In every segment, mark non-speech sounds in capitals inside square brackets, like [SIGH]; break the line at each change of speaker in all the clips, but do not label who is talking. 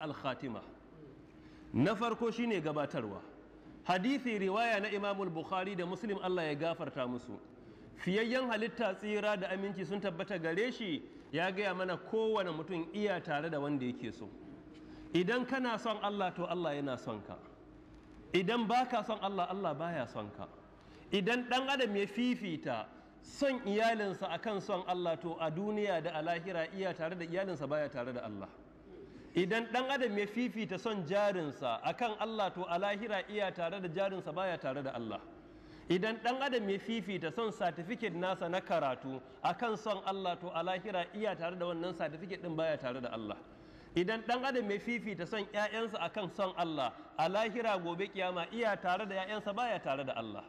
al na farko shine gabatarwa hadisi riwaya na imamul bukhari da muslim allah ya gafarta musu fiyayyen halitta tsira da aminci sun tabbata gare shi ya gaya mana kowane mutum iya tare da wanda yake so idan kana son allah to allah yana son ka idan baka son allah allah baya son ka idan dan adam ya fifita son iyalinsa akan son allah to a duniya da a lahira iya tare da iyalinsa baya tare da allah idan ɗan adam ya fifita son jarinsa akan Allah to a lahira iya tare da jarinsa baya tare da Allah idan ɗan adam ya fifita son satifiket nasa na karatu akan son Allah to a lahira iya tare da wannan satifiket ɗin baya tare da Allah idan ɗan adam ya fifita son ‘ya'yansa akan son Allah a lahira gobe kiyama iya tare da ‘ya'yansa baya tare da Allah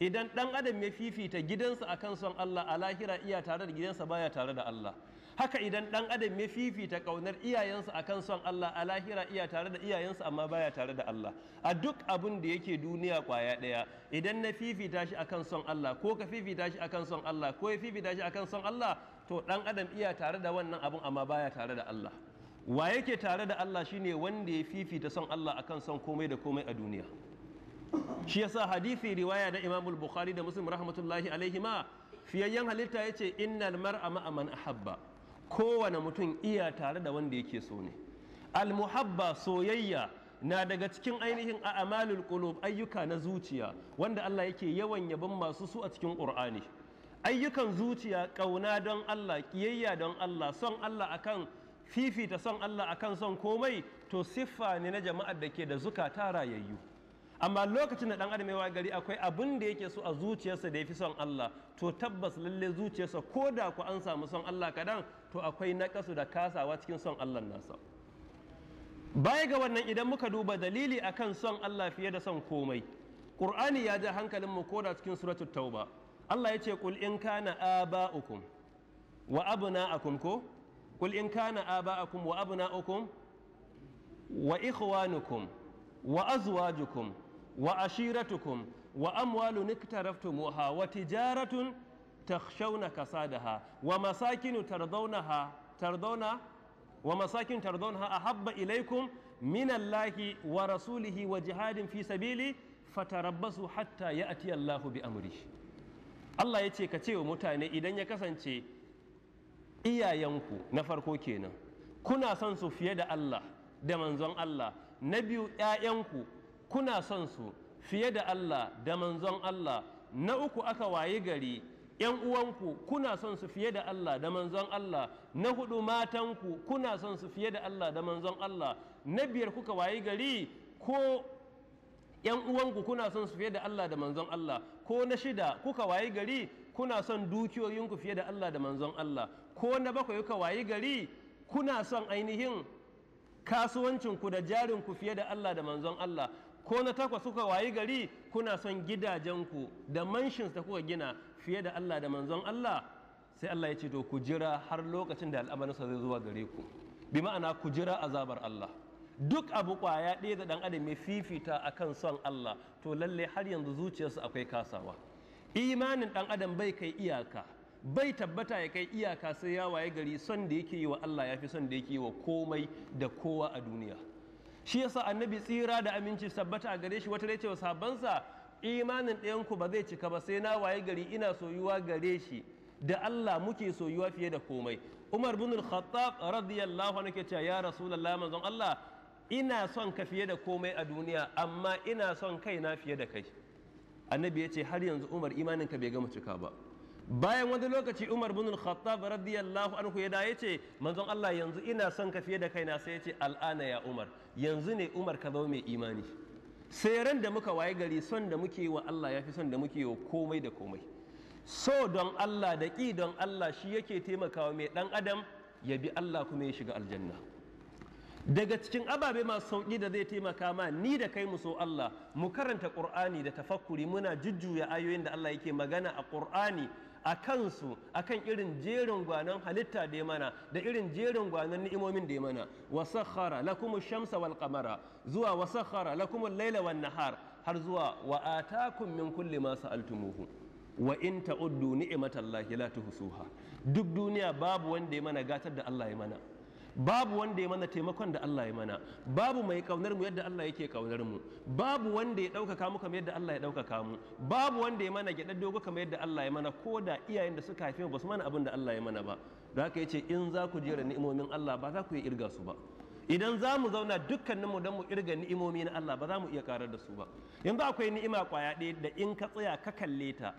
idan ɗan adam ya fifita gidansa akan son Allah a lahira iya tare da gidansa baya tare da Allah haka idan ɗan adam ya fifita ƙaunar iyayensa akan son Allah a lahira iya tare da iyayensa amma baya tare da Allah a duk abin da yake duniya kwaya ɗaya idan na fifita shi akan son Allah ko ka fifita shi akan son Allah ko ya fifita shi akan son Allah to ɗan adam iya tare da wannan abun amma baya tare da Allah wa yake tare da Allah shine wanda ya fifita son Allah akan son komai da komai a duniya shi yasa hadisi riwaya da Imam Bukhari da Muslim rahmatullahi alaihi ma fiyayyen halitta yace innal mar'a ma'a man ahabba kowane mutum iya tare da wanda yake so ne almuhabba soyayya na daga cikin ainihin a amalul qulub ayyuka na zuciya wanda Allah yake yawan yabon masu su a cikin Qur'ani ayyukan zuciya ƙauna don Allah ƙiyayya don Allah son Allah akan fifita son Allah akan son komai to siffa ne na jama'ar da ke da zukata rayayyu amma lokacin da dan adam ya gari akwai abin da yake so a zuciyarsa da ya fi son Allah to tabbas lalle zuciyarsa ko da ku an samu son Allah kadan to akwai nakasu da kasawa cikin son Allah nasa baya ga wannan idan muka duba dalili akan son Allah fiye da son komai Qur'ani ya ja hankalin mu koda cikin suratul Tauba Allah ya ce qul in kana aba'ukum wa abna'akum ko qul in kana aba'akum wa abna'akum wa ikhwanukum wa azwajukum wa ashiratukum wa amwalun iktaraftumuha wa tijaratun takhshawna kasadaha wa masakinu tardawnaha tardawna wa masakin tardawnaha ahabba ilaykum min Allahi wa rasulihi wa jihadin fi sabili fatarabbasu hatta ya'ti Allahu bi amri Allah ya ce ka ce wa mutane idan ya kasance iyayenku na farko kenan kuna son su fiye da Allah da manzon Allah na biyu 'ya'yanku kuna son su fiye da Allah da manzon Allah na uku aka wayi gari ‘yan uwanku kuna son su fiye da Allah da manzon Allah na hudu matanku kuna son su fiye da Allah da manzon Allah na biyar kuka wayi gari ko ‘yan uwanku kuna son su fiye da Allah da manzon Allah ko na shida kuka wayi gari kuna son dukiyoyinku fiye da Allah da manzon Allah ko na bakwai kuka wayi gari kuna son ainihin kasuwancinku da jarinku fiye da Allah da manzon Allah ko na takwas kuka wayi gari kuna son gidajenku da manshins da kuka gina fiye da Allah da manzon Allah sai Allah ya ce to ku jira har lokacin da al'amarinsa zai zuwa gare ku bi ma'ana ku jira azabar Allah duk abu kwaya ɗaya da ɗan adam mai fifita akan son Allah to lalle har yanzu zuciyarsu akwai kasawa imanin ɗan adam bai kai iyaka bai tabbata ya kai iyaka sai ya waye gari son da yake yi wa Allah ya fi son da yake yi wa komai da kowa a duniya shi yasa annabi tsira da aminci sabbata a gare shi wata rai cewa sabansa imanin ɗayanku ba zai cika ba sai na waye gari ina soyuwa gare shi da Allah muke soyuwa fiye da komai Umar bin al-Khattab radiyallahu anhu cewa ya Rasulullah manzon Allah ina son ka fiye da komai a duniya amma ina son kaina fiye da kai annabi ya ce har yanzu Umar imaninka bai gama cika ba bayan wani lokaci umar bin khattab radiyallahu anhu ya dawo ce manzon Allah yanzu ina son ka fiye da kaina sai ya ce al'ana ya umar yanzu ne umar ka zama mai imani sai ran da muka waye gari son da muke wa Allah ya fi son da muke wa komai da komai so don Allah da ƙi don Allah shi yake taimakawa mai ɗan adam ya bi Allah kuma ya shiga aljanna daga cikin ababe masu sauƙi da zai taimaka ma ni da kai mu so Allah mu karanta Qur'ani da tafakkuri muna jujjuya ayoyin da Allah yake magana a Qur'ani a kansu a kan irin jerin gwanon halitta da ya mana da irin jerin gwanon ni'imomin da ya mana wasakhara lakum shamsa wal qamara zuwa wasakhara lakum al-laila wan nahar har zuwa wa atakum min kulli ma sa'altumuhu wa in ta'uddu ni'matallahi la tuhsuha duk duniya babu wanda ya mana gatar da Allah ya mana babu wanda ya mana taimakon da Allah ya mana babu mai kaunar mu yadda Allah yake kaunar mu babu wanda ya ɗaukaka mu kamar yadda Allah ya ɗaukaka mu babu wanda ya mana gyaɗar dogo kamar yadda Allah ya mana ko da iyayen da suka haife mu ba su mana abin da Allah ya mana ba da haka yace in za ku jera ni'imomin Allah ba za ku yi irga su ba idan za mu zauna dukkanin mu don mu irga ni'imomi na Allah ba za mu iya karar da su ba yanzu akwai ni'ima kwaya ɗaya da in ka tsaya ka kalle ta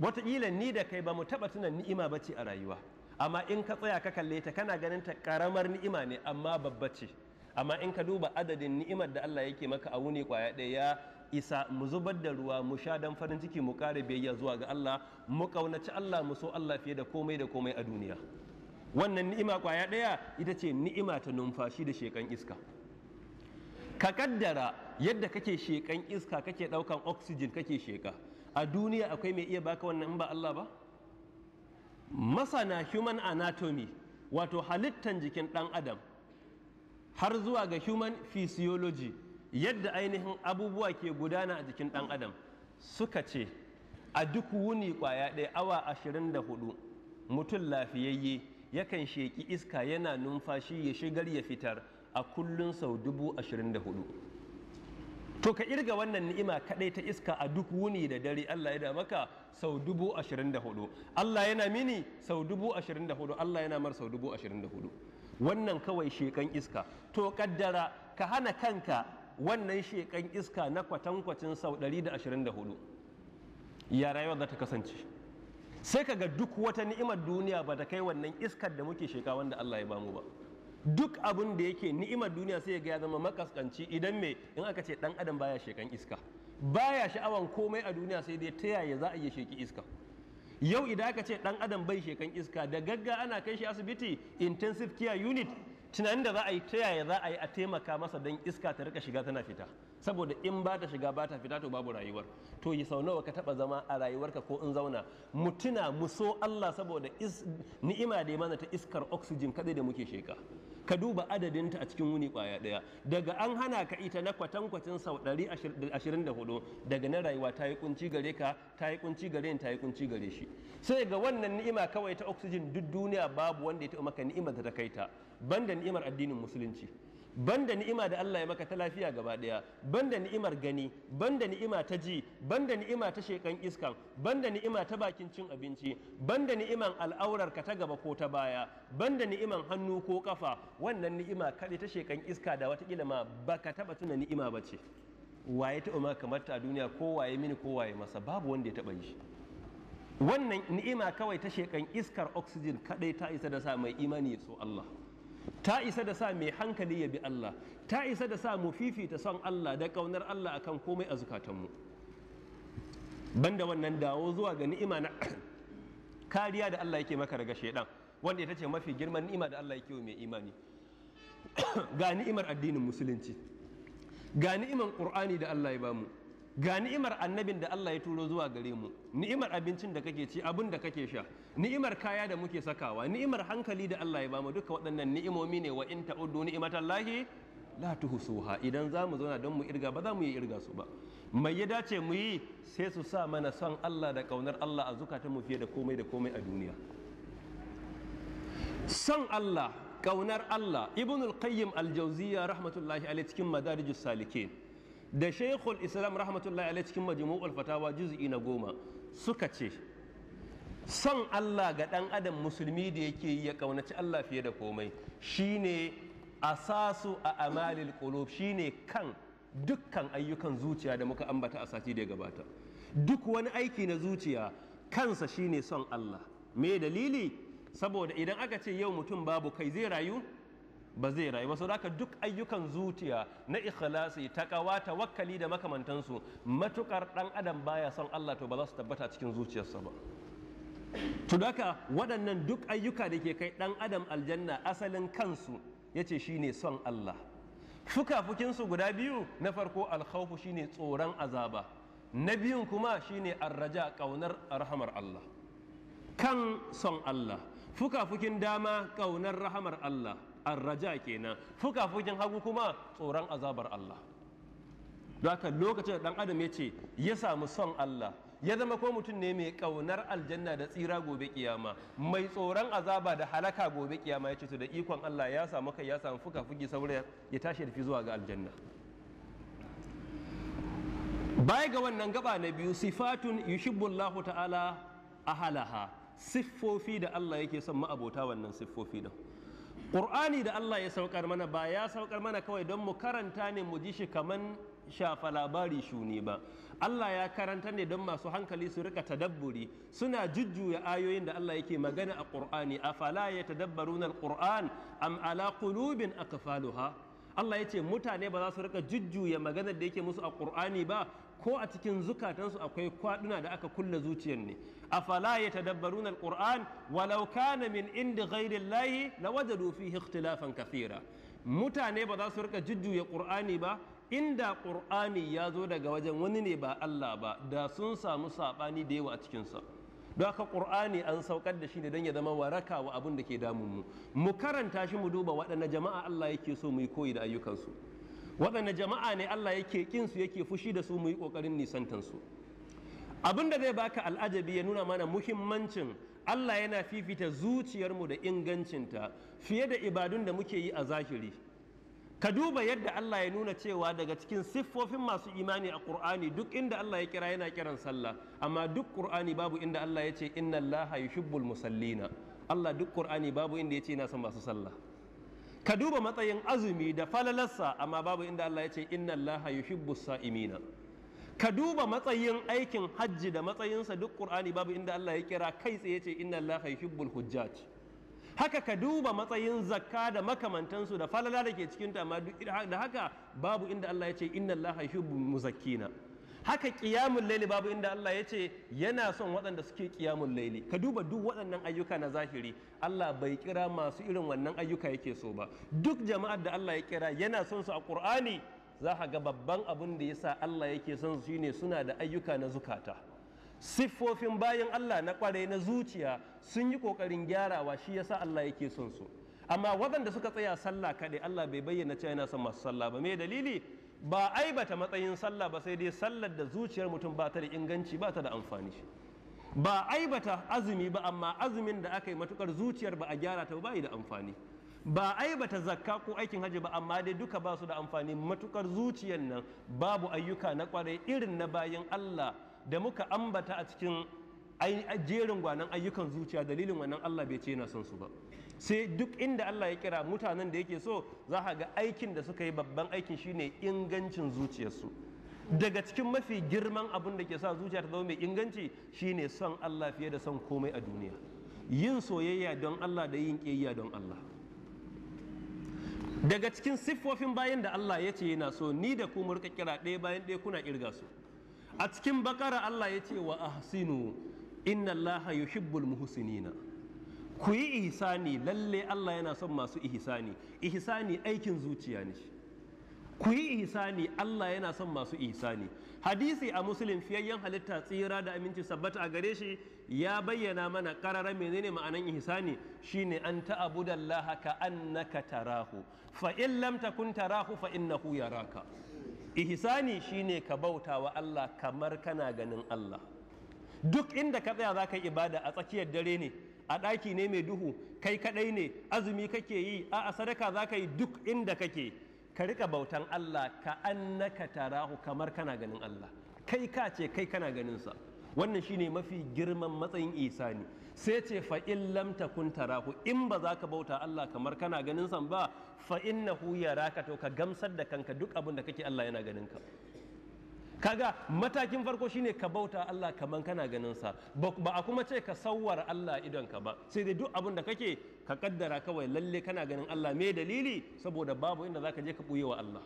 watakila ni da kai ba mu taɓa tunan ni'ima ba ce a rayuwa amma in ka tsaya ka kalle ta kana ganin ta karamar ni'ima ne amma babba ce amma in ka duba adadin ni'imar da Allah yake maka a wuni kwaya ɗaya ya isa mu zubar da ruwa mu sha dan farin ciki mu ƙara biyayya zuwa ga Allah mu ƙaunaci Allah mu so Allah fiye da komai da komai a duniya wannan ni'ima kwaya ɗaya ita ce ni'ima ta numfashi da shekan iska ka kaddara yadda kake shekan iska kake ɗaukan oxygen kake sheka a duniya akwai mai iya baka wannan in ba Allah ba masana human anatomy wato halittan jikin ɗan adam har zuwa ga human physiology yadda ainihin abubuwa ke gudana a jikin ɗan adam suka ce a duk wuni kwaya ɗaya awa ashirin da hudu mutum lafiyayye yakan sheƙi iska yana numfashi ya shigar ya fitar a kullun sau dubu ashirin da hudu to ka irga wannan ni'ima kadai ta iska a duk wuni da dare Allah yana maka sau dubu ashirin da hudu Allah yana mini sau dubu ashirin da hudu Allah yana mar sau dubu ashirin da hudu wannan kawai shekan iska to kaddara ka hana kanka wannan shekan iska na kwatankwacin sau ɗari da ashirin da hudu ya rayuwa za ta kasance sai ka ga duk wata ni'imar duniya ba ta kai wannan iskar da muke sheka wanda Allah ya bamu ba duk abin da yake ni'imar duniya sai ga ya zama makaskanci idan me in aka ce dan adam baya shekan iska baya sha'awan komai a duniya sai dai ta yaya za a iya sheki iska yau idan aka ce dan adam bai shekan iska da gagga ana kai shi asibiti intensive care unit tunanin da za a yi ta yaya za a yi a taimaka masa don iska ta rika shiga tana fita saboda in ba ta shiga ba ta fita to babu rayuwar to yi sau nawa ka taba zama a rayuwarka ko in zauna mu tuna mu so Allah saboda ni'ima da yi mana ta iskar oxygen kadai da muke sheka ka duba adadinta a cikin wuni kwaya daya daga an hana ka ita na kwatankwacin sau 124 daga na rayuwa ta yi kunci gare ka ta yi kunci gare ta yi kunci gare shi sai ga wannan ni'ima kawai ta oxygen duk duniya babu wanda ya taɓa maka ni'imar da ta kai ta banda ni'imar addinin musulunci banda ni'ima da Allah ya maka ta lafiya gaba daya banda ni'imar gani banda ni'ima ta ji banda ni'ima ta shekan iskan banda ni'ima ta bakin cin abinci banda ni'iman al'aurar ka ta gaba ko ta baya banda ni'iman hannu ko kafa wannan ni'ima kaɗai ta shekan iska da watakila ma baka taba tuna ni'ima ba ce waye taɓa ma kamar ta duniya ko waye mini ko waye masa babu wanda ya taɓa yi wannan ni'ima kawai ta shekan iskar oxygen kadai ta isa da sa mai imani so Allah ta isa da sa mai hankali ya bi Allah ta isa da sa mu fifita son Allah da kaunar Allah akan komai a zukatanmu banda wannan dawo zuwa ga ni'ima na [COUGHS] kariya da Allah yake maka daga shaidan wanda ita ce mafi girman ni'ima da Allah yake mai imani [COUGHS] ga ni'imar addinin musulunci ga ni'imar qur'ani da Allah ya bamu ga ni'imar annabin da Allah ya turo zuwa gare mu ni'imar abincin da kake ci abun da kake sha ni'imar kaya da muke sakawa ni'imar hankali da Allah ya bamu duka waɗannan ni'imomi ne wa in ta'uddu ni'imatallahi la tuhsuha idan za mu zauna don mu irga ba za mu yi irga su ba mai ya dace mu yi sai su sa mana son Allah da kaunar Allah a zukatan mu fiye da komai da komai a duniya son Allah kaunar Allah ibnul qayyim al-jawziyya rahmatullahi alaihi cikin madarijus salikin da shaykhul islam rahmatullahi alaihi cikin majmu'ul fatawa juz'i na goma suka ce son Allah ga ɗan adam musulmi da yake yi ya ƙaunaci Allah fiye da komai shine asasu a amalil qulub shine kan dukkan ayyukan zuciya da muka ambata a sati da gabata duk wani aiki na zuciya kansa shine son Allah me dalili saboda idan aka ce yau mutum babu kai zai rayu ba zai rayu ba saboda duk ayyukan zuciya na ikhlasi ta tawakkali da makamantansu matukar dan adam baya son Allah to ba za su tabbata cikin zuciyarsa ba tudaka waɗannan duk ayyuka da ke kai ɗan adam aljanna asalin kansu ya ce shi ne son Allah fukafukinsu guda biyu na farko alkhawfu ne tsoron azaba na biyun kuma shi ne arraja ƙaunar rahamar Allah kan son Allah fukafukin dama ƙaunar rahamar Allah arraja kenan fukafukin hagu kuma tsoron azabar Allah haka lokacin da ɗan adam ya ce ya samu son Allah ya zama ko mutum ne mai kaunar aljanna da tsira gobe kiyama mai tsoron azaba da halaka gobe kiyama ya ce to da ikon Allah ya samu kai ya samu fuka fuki saboda ya tashi da fi zuwa ga aljanna baya ga wannan gaba na biyu sifatun yushibbullahu ta'ala ahalaha siffofi da Allah yake son abota wannan siffofi da Qur'ani da Allah ya saukar mana ba ya saukar mana kawai don mu karanta ne mu ji shi kaman shafa labari shuni ba Allah ya karanta ne don masu hankali su rika tadabburi suna jujjuya ayoyin da Allah yake magana a Qur'ani afala yatadabbaruna al ƙur'an am ala qulubin aqfaluha Allah ya ce mutane ba za su rika jujjuya maganar da yake musu a ƙur'ani ba ko a cikin zukatansu akwai kwaduna da aka kulle zuciyar ne afala yatadabbaruna al ƙur'an walau kana min indi ghayri na lawajadu fihi ikhtilafan kafira. mutane ba za su rika jujjuya ƙur'ani ba inda ƙur'ani ya zo daga wajen wani ne ba Allah ba da sun samu saɓani da yawa a cikinsa don haka ƙur'ani an saukar da shi ne don ya zama waraka wa abin da ke damun mu mu karanta shi mu duba waɗanne jama'a Allah yake so mu yi koyi da ayyukansu waɗanne jama'a ne Allah yake kin su yake fushi da su mu yi ƙoƙarin nisantansu abin da zai baka al'ajabi ya nuna mana muhimmancin Allah yana fifita zuciyarmu da ingancinta fiye da ibadun da muke yi a zahiri ka duba yadda Allah ya nuna cewa daga cikin siffofin masu imani a Qur'ani duk inda Allah ya kira yana kiran sallah amma duk Qur'ani babu inda Allah ya ce inna Allaha yuhibbul musallina Allah duk Qur'ani babu inda ya ce yana son masu sallah ka duba matsayin azumi da falalarsa amma babu inda Allah ya ce inna Allaha yuhibbus sa'imina ka duba matsayin aikin hajji da matsayinsa duk Qur'ani babu inda Allah ya kira kai tsaye ce inna Allaha yuhibbul hujjaj haka ka duba matsayin zakka da makamantansu da falala da ke cikin ta da haka babu inda Allah ya ce inna Allah yuhibbu muzakkina haka qiyamul laili babu inda Allah ya ce yana son waɗanda suke kiyamun laili ka duba duk waɗannan ayyuka na zahiri Allah bai kira masu irin wannan ayyuka yake so ba duk jama'ar da Allah ya kira yana son su a Qur'ani za ka ga babban abin da yasa Allah yake son su shine suna da ayyuka na zukata siffofin bayan Allah na kwarai na zuciya sun yi ƙoƙarin gyarawa shi yasa Allah yake son su amma waɗanda suka tsaya sallah kaɗai Allah bai bayyana cewa yana son masu sallah ba me dalili ba bata matsayin sallah ba sai dai sallar da zuciyar mutum ba ta da inganci ba ta da amfani shi ba aibata azumi ba amma azumin da aka yi matukar zuciyar ba a gyara ta ba yi da amfani ba aibata zakka ko aikin hajji ba amma dai duka ba su da amfani matukar zuciyar nan babu ayyuka na kwarai irin na bayan Allah da muka ambata a cikin jerin gwanan ayyukan zuciya dalilin wannan Allah bai ce na son su ba sai duk inda Allah ya kira mutanen da yake so za a ga aikin da suka yi babban aikin shine ingancin zuciyarsu daga cikin mafi girman abin da ke sa zuciya ta zama mai inganci shine son Allah fiye da son komai a duniya yin soyayya don Allah da yin ƙiyayya don Allah daga cikin siffofin bayan da Allah ya ce yana so ni da ku mu rika kira ɗaya bayan ɗaya kuna kirga su a cikin bakara Allah ya ce wa ahsinu inna Allah yuhibbul muhsinina ku yi ihsani lalle Allah yana son masu ihsani ihsani aikin zuciya ne ku yi ihsani Allah yana son masu ihsani hadisi a muslim fiyayyen halitta tsira da aminci sabbata a gare shi ya bayyana mana karara menene ma'anan ihsani shine an ta'budallaha ka annaka tarahu fa in lam takun tarahu fa innahu yaraka ihsani shine ka bauta wa Allah kamar kana ganin Allah duk inda ka tsaya za ka yi ibada a tsakiyar dare ne a ɗaki ne mai duhu kai kaɗai ne azumi kake yi a sadaka za ka yi duk inda kake ka rika bautan Allah ka annaka tarahu kamar kana ganin Allah kai ka ce kai kana ganin sa wannan shine mafi girman matsayin Isa isani sai ce fa in lam takun tarahu in ba za ka bauta Allah kamar kana ganin san ba fa innahu yaraka to ka gamsar da kanka duk abin da kake Allah yana ganin ka kaga matakin farko shine ka bauta Allah kamar kana ganin sa ba a kuma ce ka sawwar Allah idon ka ba sai dai duk abin da kake ka kaddara kawai lalle kana ganin Allah me dalili saboda babu inda ka je ka buye wa Allah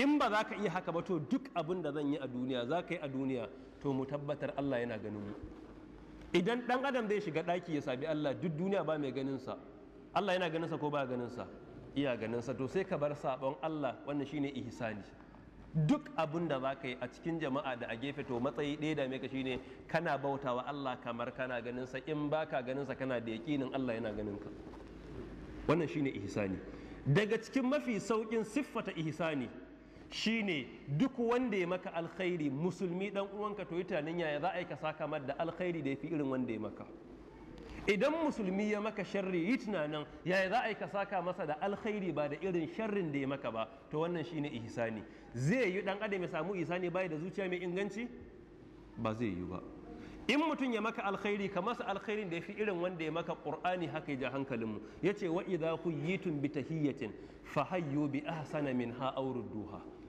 in ba za ka iya haka ba to duk abin da zan yi a duniya za ka yi a duniya to mu tabbatar Allah yana ganin mu idan dan adam zai shiga daki ya sabi Allah duk duniya ba mai ganin sa Allah yana ganin sa ko ba ganin sa iya ganin sa to sai ka bar sabon Allah wannan shine ihsani duk abin da za ka yi a cikin jama'a da a gefe to matsayi ɗaya da meka shine kana bautawa Allah kamar kana ganin sa in baka ganin sa kana da yaƙinin Allah yana ganin ka wannan shine ihsani daga cikin mafi saukin siffata ihsani Shi ne duk wanda ya maka alkhairi musulmi dan uwanka to yi tunanin yaya za a yi ka saka mar da alkhairi da ya fi irin wanda ya maka idan musulmi ya maka sharri yi tunanin yaya za a yi ka saka masa da alkhairi ba da irin sharrin da ya maka ba to wannan shi shine ihsani zai yi dan adam ya samu ihsani bai da zuciya mai inganci ba zai yi ba in mutum ya maka alkhairi ka masa alkhairin da ya fi irin wanda ya maka qur'ani haka ya hankalinmu ya ce wa idha kuyitum bi tahiyyatin fa hayyu bi ahsana minha aw rudduha